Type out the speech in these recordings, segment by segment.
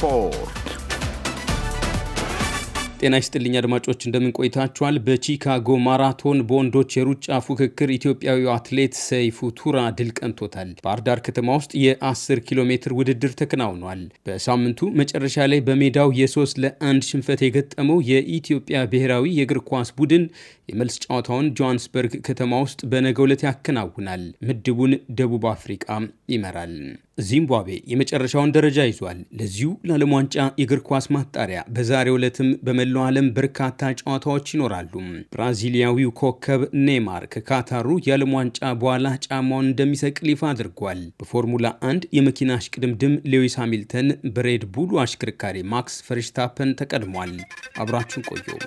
ስፖርት ጤና ይስጥልኝ አድማጮች፣ እንደምን ቆይታችኋል? በቺካጎ ማራቶን በወንዶች የሩጫ ፉክክር ኢትዮጵያዊው አትሌት ሰይፉ ቱራ ድል ቀንቶታል። ባህር ዳር ከተማ ውስጥ የ10 ኪሎ ሜትር ውድድር ተከናውኗል። በሳምንቱ መጨረሻ ላይ በሜዳው የ3 ለ1 ሽንፈት የገጠመው የኢትዮጵያ ብሔራዊ የእግር ኳስ ቡድን የመልስ ጨዋታውን ጆሃንስበርግ ከተማ ውስጥ በነገው ዕለት ያከናውናል። ምድቡን ደቡብ አፍሪቃ ይመራል። ዚምባብዌ የመጨረሻውን ደረጃ ይዟል። ለዚሁ ለዓለም ዋንጫ የእግር ኳስ ማጣሪያ በዛሬው ዕለትም በመላው ዓለም በርካታ ጨዋታዎች ይኖራሉ። ብራዚሊያዊው ኮከብ ኔይማር ከካታሩ የዓለም ዋንጫ በኋላ ጫማውን እንደሚሰቅል ይፋ አድርጓል። በፎርሙላ አንድ የመኪና አሽቅድምድም ሌዊስ ሃሚልተን በሬድ ቡሉ አሽከርካሪ ማክስ ፈርሽታፐን ተቀድሟል። አብራችን ቆየው።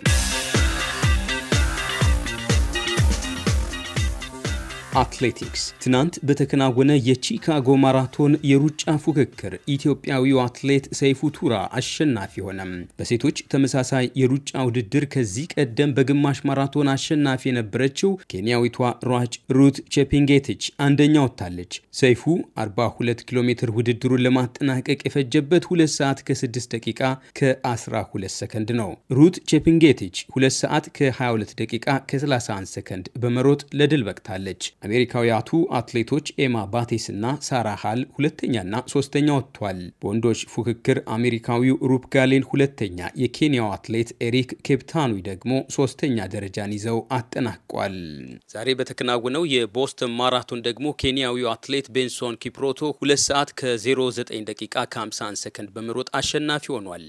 አትሌቲክስ ትናንት በተከናወነ የቺካጎ ማራቶን የሩጫ ፉክክር ኢትዮጵያዊው አትሌት ሰይፉ ቱራ አሸናፊ ሆነም። በሴቶች ተመሳሳይ የሩጫ ውድድር ከዚህ ቀደም በግማሽ ማራቶን አሸናፊ የነበረችው ኬንያዊቷ ሯጭ ሩት ቼፒንጌትች አንደኛ ወጥታለች። ሰይፉ 42 ኪሎ ሜትር ውድድሩን ለማጠናቀቅ የፈጀበት 2 ሰዓት ከ6 ደቂቃ ከ12 ሰከንድ ነው። ሩት ቼፒንጌትች 2 ሰዓት ከ22 ደቂቃ ከ31 ሰከንድ በመሮጥ ለድል በቅታለች። አሜሪካውያቱ አትሌቶች ኤማ ባቴስና ሳራ ሃል ሁለተኛና ሶስተኛ ወጥቷል። በወንዶች ፉክክር አሜሪካዊው ሩፕ ጋሌን ሁለተኛ፣ የኬንያው አትሌት ኤሪክ ኬፕታኑይ ደግሞ ሶስተኛ ደረጃን ይዘው አጠናቋል። ዛሬ በተከናወነው የቦስተን ማራቶን ደግሞ ኬንያዊው አትሌት ቤንሶን ኪፕሮቶ ሁለት ሰዓት ከ09 ደቂቃ ከ51 ሰከንድ በመሮጥ አሸናፊ ሆኗል።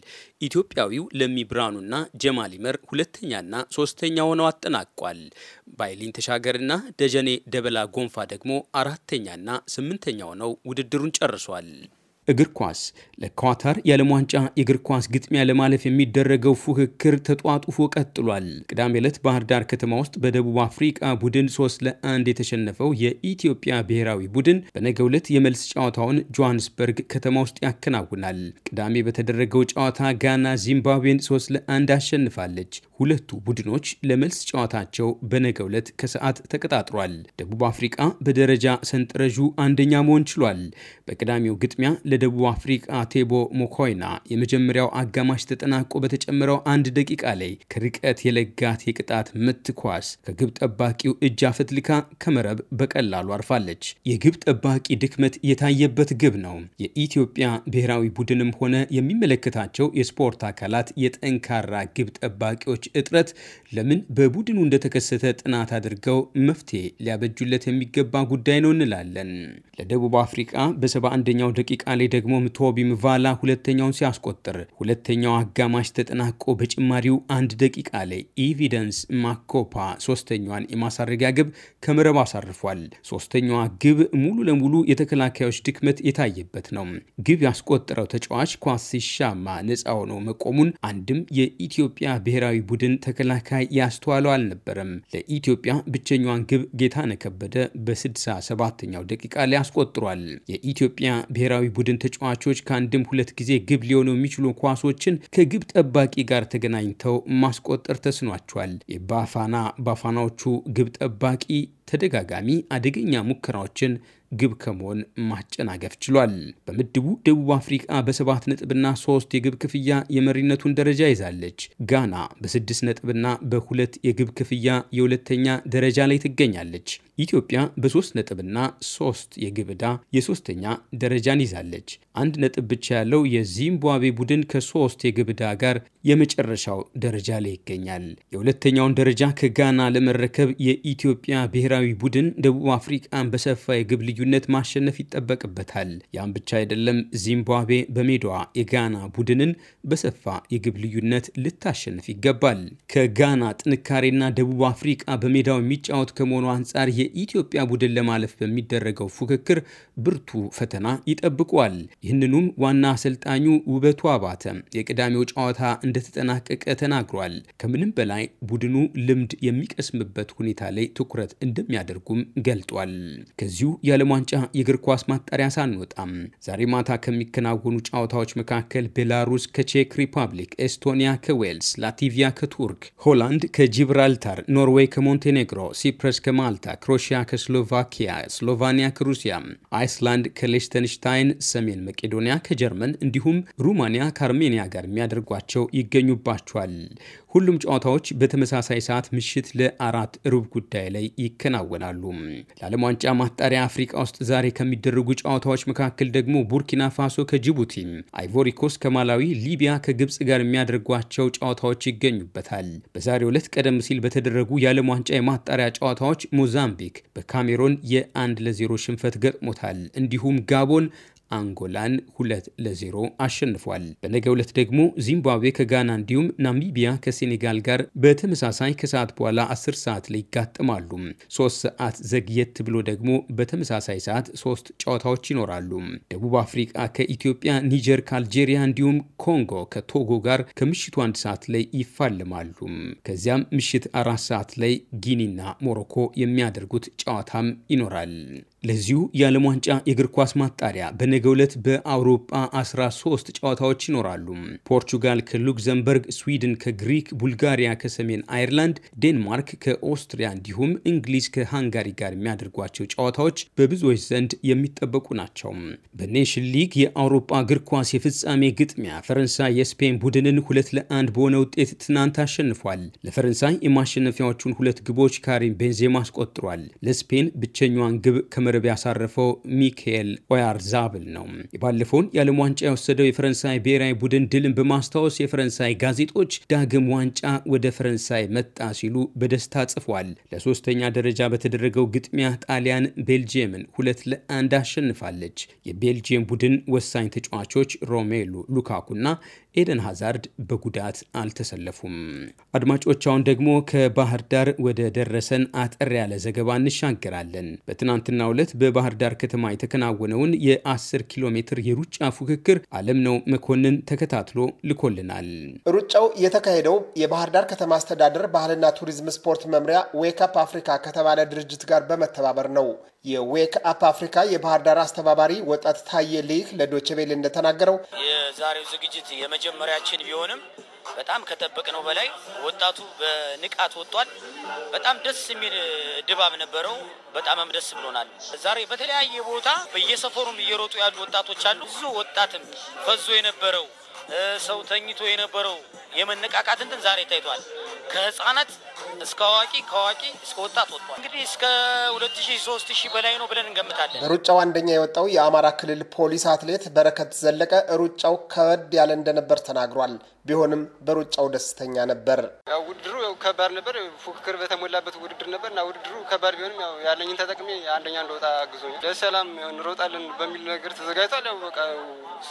ኢትዮጵያዊው ለሚ ብርሃኑና ጀማሊመር ይመር ሁለተኛና ሶስተኛ ሆነው አጠናቋል። ባይሊን ተሻገርና ደጀኔ ደበላ ጎንፋ ደግሞ አራተኛና ስምንተኛ ሆነው ውድድሩን ጨርሷል። እግር ኳስ ለኳታር የዓለም ዋንጫ የእግር ኳስ ግጥሚያ ለማለፍ የሚደረገው ፉክክር ተጧጡፎ ቀጥሏል። ቅዳሜ ዕለት ባህር ዳር ከተማ ውስጥ በደቡብ አፍሪቃ ቡድን ሶስት ለአንድ የተሸነፈው የኢትዮጵያ ብሔራዊ ቡድን በነገው ዕለት የመልስ ጨዋታውን ጆሃንስበርግ ከተማ ውስጥ ያከናውናል። ቅዳሜ በተደረገው ጨዋታ ጋና ዚምባብዌን ሶስት ለአንድ አሸንፋለች። ሁለቱ ቡድኖች ለመልስ ጨዋታቸው በነገው ዕለት ከሰዓት ተቀጣጥሯል። ደቡብ አፍሪቃ በደረጃ ሰንጠረዡ አንደኛ መሆን ችሏል። በቅዳሜው ግጥሚያ ለደቡብ አፍሪቃ ቴቦ ሞኮይና የመጀመሪያው አጋማሽ ተጠናቆ በተጨመረው አንድ ደቂቃ ላይ ከርቀት የለጋት የቅጣት ምት ኳስ ከግብ ጠባቂው እጅ አፈትልካ ከመረብ በቀላሉ አርፋለች። የግብ ጠባቂ ድክመት የታየበት ግብ ነው። የኢትዮጵያ ብሔራዊ ቡድንም ሆነ የሚመለከታቸው የስፖርት አካላት የጠንካራ ግብ ጠባቂዎች እጥረት ለምን በቡድኑ እንደተከሰተ ጥናት አድርገው መፍትሄ ሊያበጁለት የሚገባ ጉዳይ ነው እንላለን። ለደቡብ አፍሪቃ በ71ኛው ደቂቃ በማሌ ደግሞ ምቶቢ ምቫላ ሁለተኛውን ሲያስቆጥር ሁለተኛው አጋማሽ ተጠናቆ በጭማሪው አንድ ደቂቃ ላይ ኢቪደንስ ማኮፓ ሶስተኛዋን የማሳረጊያ ግብ ከመረብ አሳርፏል። ሶስተኛዋ ግብ ሙሉ ለሙሉ የተከላካዮች ድክመት የታየበት ነው። ግብ ያስቆጠረው ተጫዋች ኳስ ሲሻማ ነፃ ሆኖ መቆሙን አንድም የኢትዮጵያ ብሔራዊ ቡድን ተከላካይ ያስተዋለው አልነበረም። ለኢትዮጵያ ብቸኛዋን ግብ ጌታነህ ከበደ በ67ኛው ደቂቃ ላይ አስቆጥሯል። የኢትዮጵያ ብሔራዊ ቡድን ቡድን ተጫዋቾች ከአንድም ሁለት ጊዜ ግብ ሊሆኑ የሚችሉ ኳሶችን ከግብ ጠባቂ ጋር ተገናኝተው ማስቆጠር ተስኗቸዋል። የባፋና ባፋናዎቹ ግብ ጠባቂ ተደጋጋሚ አደገኛ ሙከራዎችን ግብ ከመሆን ማጨናገፍ ችሏል። በምድቡ ደቡብ አፍሪቃ በሰባት ነጥብና ሶስት የግብ ክፍያ የመሪነቱን ደረጃ ይዛለች። ጋና በስድስት ነጥብና በሁለት የግብ ክፍያ የሁለተኛ ደረጃ ላይ ትገኛለች። ኢትዮጵያ በሶስት ነጥብና ሶስት የግብ ዕዳ የሶስተኛ ደረጃን ይዛለች። አንድ ነጥብ ብቻ ያለው የዚምባብዌ ቡድን ከሶስት የግብ ዕዳ ጋር የመጨረሻው ደረጃ ላይ ይገኛል። የሁለተኛውን ደረጃ ከጋና ለመረከብ የኢትዮጵያ ብሔራዊ ቡድን ደቡብ አፍሪቃን በሰፋ የግብ ልዩነት ማሸነፍ ይጠበቅበታል። ያም ብቻ አይደለም፣ ዚምባብዌ በሜዳዋ የጋና ቡድንን በሰፋ የግብ ልዩነት ልታሸንፍ ይገባል። ከጋና ጥንካሬና ደቡብ አፍሪቃ በሜዳው የሚጫወት ከመሆኑ አንጻር የኢትዮጵያ ቡድን ለማለፍ በሚደረገው ፉክክር ብርቱ ፈተና ይጠብቋል። ይህንኑም ዋና አሰልጣኙ ውበቱ አባተ የቅዳሜው ጨዋታ እንደተጠናቀቀ ተናግሯል። ከምንም በላይ ቡድኑ ልምድ የሚቀስምበት ሁኔታ ላይ ትኩረት እንደሚያደርጉም ገልጧል። ከዚሁ የዓለም ዋንጫ የእግር ኳስ ማጣሪያ ሳንወጣም ዛሬ ማታ ከሚከናወኑ ጨዋታዎች መካከል ቤላሩስ ከቼክ ሪፐብሊክ፣ ኤስቶኒያ ከዌልስ፣ ላቲቪያ ከቱርክ፣ ሆላንድ ከጂብራልታር፣ ኖርዌይ ከሞንቴኔግሮ፣ ሲፕረስ ከማልታ ክሮሽያ ከስሎቫኪያ፣ ስሎቫኒያ ከሩሲያ፣ አይስላንድ ከሌሽተንሽታይን፣ ሰሜን መቄዶንያ ከጀርመን እንዲሁም ሩማንያ ከአርሜኒያ ጋር የሚያደርጓቸው ይገኙባቸዋል። ሁሉም ጨዋታዎች በተመሳሳይ ሰዓት ምሽት ለአራት ሩብ ጉዳይ ላይ ይከናወናሉ። ለዓለም ዋንጫ ማጣሪያ አፍሪቃ ውስጥ ዛሬ ከሚደረጉ ጨዋታዎች መካከል ደግሞ ቡርኪና ፋሶ ከጅቡቲ፣ አይቮሪኮስ ከማላዊ፣ ሊቢያ ከግብፅ ጋር የሚያደርጓቸው ጨዋታዎች ይገኙበታል። በዛሬ ዕለት ቀደም ሲል በተደረጉ የዓለም ዋንጫ የማጣሪያ ጨዋታዎች ሞዛምቢክ በካሜሮን የአንድ ለዜሮ ሽንፈት ገጥሞታል። እንዲሁም ጋቦን አንጎላን ሁለት ለዜሮ አሸንፏል። በነገ ዕለት ደግሞ ዚምባብዌ ከጋና እንዲሁም ናሚቢያ ከሴኔጋል ጋር በተመሳሳይ ከሰዓት በኋላ 10 ሰዓት ላይ ይጋጠማሉ። ሶስት ሰዓት ዘግየት ብሎ ደግሞ በተመሳሳይ ሰዓት ሶስት ጨዋታዎች ይኖራሉ። ደቡብ አፍሪቃ ከኢትዮጵያ፣ ኒጀር ከአልጄሪያ እንዲሁም ኮንጎ ከቶጎ ጋር ከምሽቱ አንድ ሰዓት ላይ ይፋለማሉ። ከዚያም ምሽት አራት ሰዓት ላይ ጊኒና ሞሮኮ የሚያደርጉት ጨዋታም ይኖራል። ለዚሁ የዓለም ዋንጫ የእግር ኳስ ማጣሪያ በነ በነገው ዕለት በአውሮፓ 13 ጨዋታዎች ይኖራሉ። ፖርቹጋል ከሉክዘምበርግ፣ ስዊድን ከግሪክ፣ ቡልጋሪያ ከሰሜን አይርላንድ፣ ዴንማርክ ከኦስትሪያ እንዲሁም እንግሊዝ ከሃንጋሪ ጋር የሚያደርጓቸው ጨዋታዎች በብዙዎች ዘንድ የሚጠበቁ ናቸው። በኔሽን ሊግ የአውሮፓ እግር ኳስ የፍጻሜ ግጥሚያ ፈረንሳይ የስፔን ቡድንን ሁለት ለአንድ በሆነ ውጤት ትናንት አሸንፏል። ለፈረንሳይ የማሸነፊያዎቹን ሁለት ግቦች ካሪም ቤንዜማ አስቆጥሯል። ለስፔን ብቸኛዋን ግብ ከመረብ ያሳረፈው ሚካኤል ኦያርዛብል ነው። ባለፈውን የዓለም ዋንጫ የወሰደው የፈረንሳይ ብሔራዊ ቡድን ድልን በማስታወስ የፈረንሳይ ጋዜጦች ዳግም ዋንጫ ወደ ፈረንሳይ መጣ ሲሉ በደስታ ጽፏል። ለሶስተኛ ደረጃ በተደረገው ግጥሚያ ጣሊያን ቤልጅየምን ሁለት ለአንድ አሸንፋለች። የቤልጅየም ቡድን ወሳኝ ተጫዋቾች ሮሜሉ ሉካኩና ኤደን ሀዛርድ በጉዳት አልተሰለፉም። አድማጮች፣ አሁን ደግሞ ከባህር ዳር ወደ ደረሰን አጠር ያለ ዘገባ እንሻገራለን። በትናንትናው ዕለት በባህር ዳር ከተማ የተከናወነውን የ10 ኪሎ ሜትር የሩጫ ፉክክር አለም ነው መኮንን ተከታትሎ ልኮልናል። ሩጫው የተካሄደው የባህር ዳር ከተማ አስተዳደር ባህልና ቱሪዝም ስፖርት መምሪያ ዌክ አፍሪካ ከተባለ ድርጅት ጋር በመተባበር ነው። የዌክ አፍሪካ የባህር ዳር አስተባባሪ ወጣት ታዬ ልይክ ለዶቼ ቬለ እንደተናገረው የዛሬው ዝግጅት የመጀመሪያችን ቢሆንም በጣም ከጠበቅነው በላይ ወጣቱ በንቃት ወጥቷል። በጣም ደስ የሚል ድባብ ነበረው። በጣምም ደስ ብሎናል። ዛሬ በተለያየ ቦታ በየሰፈሩም እየሮጡ ያሉ ወጣቶች አሉ። ብዙ ወጣትም ፈዞ የነበረው ሰው ተኝቶ የነበረው የመነቃቃት እንትን ዛሬ ታይቷል። ከህፃናት እስከ አዋቂ ከአዋቂ እስከ ወጣት ወጥቷል። እንግዲህ እስከ ሁለት ሺህ ሶስት ሺህ በላይ ነው ብለን እንገምታለን። በሩጫው አንደኛ የወጣው የአማራ ክልል ፖሊስ አትሌት በረከት ዘለቀ ሩጫው ከበድ ያለ እንደነበር ተናግሯል። ቢሆንም በሩጫው ደስተኛ ነበር። ውድድሩ ከባድ ነበር፣ ፉክክር በተሞላበት ውድድር ነበር እና ውድድሩ ከባድ ቢሆንም ያው ያለኝን ተጠቅሜ አንደኛ እንደወጣ አግዞኛል። ለሰላም እንሮጣለን በሚል ነገር ተዘጋጅቷል። ያው በቃ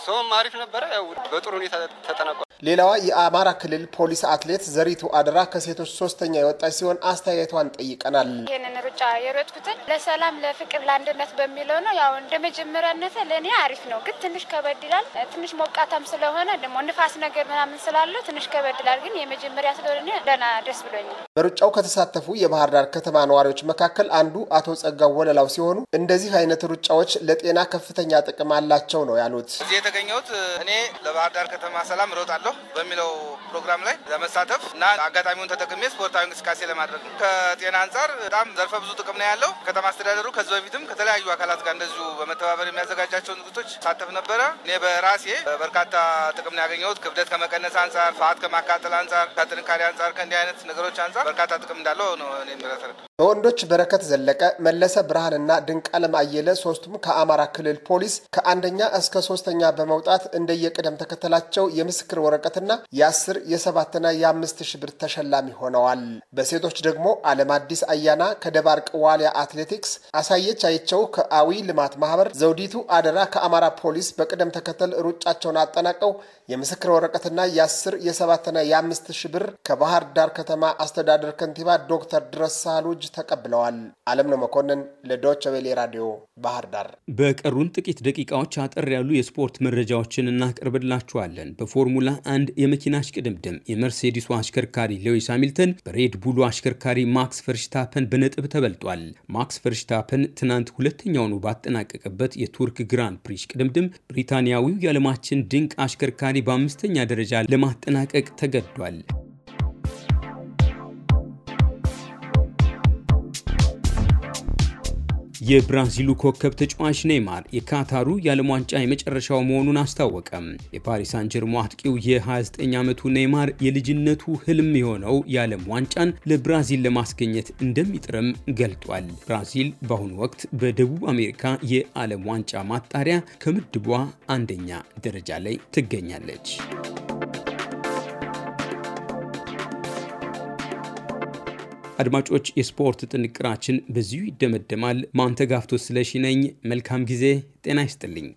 ሰውም አሪፍ ነበረ። ያው በጥሩ ሁኔታ ተጠናቋል። ሌላዋ የአማራ ክልል ፖሊስ አትሌት ዘሪቱ አደራ ከሴቶች ሶስተኛ የወጣች ሲሆን አስተያየቷን ጠይቀናል። ይህንን ሩጫ የሮጥኩትን ለሰላም፣ ለፍቅር፣ ለአንድነት በሚለው ነው። ያው እንደ መጀመሪያነት ለእኔ አሪፍ ነው፣ ግን ትንሽ ከበድ ይላል። ትንሽ ሞቃታም ስለሆነ ደግሞ ንፋስ ነገር ምናምን ስላለው ትንሽ ከበድ ይላል። ግን የመጀመሪያ ስለሆነ ደህና ደስ ብሎኛል። በሩጫው ከተሳተፉ የባህር ዳር ከተማ ነዋሪዎች መካከል አንዱ አቶ ጸጋው ወለላው ሲሆኑ እንደዚህ አይነት ሩጫዎች ለጤና ከፍተኛ ጥቅም አላቸው ነው ያሉት። እዚህ የተገኘሁት እኔ ለባህር ዳር ከተማ ሰላም እሮጣለሁ እንሳተፍ በሚለው ፕሮግራም ላይ ለመሳተፍ እና አጋጣሚውን ተጠቅሜ ስፖርታዊ እንቅስቃሴ ለማድረግ ነው። ከጤና አንጻር በጣም ዘርፈ ብዙ ጥቅም ነው ያለው። ከተማ አስተዳደሩ ከዚህ በፊትም ከተለያዩ አካላት ጋር እንደዚሁ በመተባበር የሚያዘጋጃቸውን ዝግቶች ሳተፍ ነበረ። እኔ በራሴ በርካታ ጥቅም ነው ያገኘሁት። ክብደት ከመቀነስ አንጻር፣ ፋት ከማቃጠል አንጻር፣ ከጥንካሬ አንጻር፣ ከእንዲህ አይነት ነገሮች አንጻር በርካታ ጥቅም እንዳለው ነው የሚረተረዱ በወንዶች በረከት ዘለቀ፣ መለሰ ብርሃንና አለም አየለ ሶስቱም ከአማራ ክልል ፖሊስ ከአንደኛ እስከ ሶስተኛ በመውጣት እንደየቅደም ተከተላቸው የምስክር ወረቀ ወረቀትና የአስር የሰባትና የአምስት ሺህ ብር ተሸላሚ ሆነዋል። በሴቶች ደግሞ አለም አዲስ አያና ከደባርቅ ዋሊያ አትሌቲክስ፣ አሳየች አይቸው ከአዊ ልማት ማህበር፣ ዘውዲቱ አደራ ከአማራ ፖሊስ በቅደም ተከተል ሩጫቸውን አጠናቀው የምስክር ወረቀትና የአስር የሰባትና የአምስት ሺህ ብር ከባህር ዳር ከተማ አስተዳደር ከንቲባ ዶክተር ድረሳ ሉጅ ተቀብለዋል። አለም ነው መኮንን ለዶች ቬሌ ራዲዮ ባህር ዳር። በቀሩን ጥቂት ደቂቃዎች አጠር ያሉ የስፖርት መረጃዎችን እናቀርብላችኋለን። በፎርሙላ አንድ የመኪና እሽቅድምድም የመርሴዲሱ አሽከርካሪ ሌዊስ ሃሚልተን በሬድ ቡሉ አሽከርካሪ ማክስ ፈርሽታፐን በነጥብ ተበልጧል። ማክስ ፈርሽታፐን ትናንት ሁለተኛውን ባጠናቀቀበት የቱርክ ግራን ፕሪ እሽቅድምድም ብሪታንያዊው የዓለማችን ድንቅ አሽከርካሪ በአምስተኛ ደረጃ ለማጠናቀቅ ተገዷል። የብራዚሉ ኮከብ ተጫዋች ኔይማር የካታሩ የዓለም ዋንጫ የመጨረሻው መሆኑን አስታወቀም። የፓሪስ አንጀርሞ አጥቂው የ29 ዓመቱ ኔይማር የልጅነቱ ህልም የሆነው የዓለም ዋንጫን ለብራዚል ለማስገኘት እንደሚጥርም ገልጧል። ብራዚል በአሁኑ ወቅት በደቡብ አሜሪካ የዓለም ዋንጫ ማጣሪያ ከምድቧ አንደኛ ደረጃ ላይ ትገኛለች። አድማጮች፣ የስፖርት ጥንቅራችን በዚሁ ይደመደማል። ማንተጋፍቶ ስለሺ ነኝ። መልካም ጊዜ። ጤና ይስጥልኝ።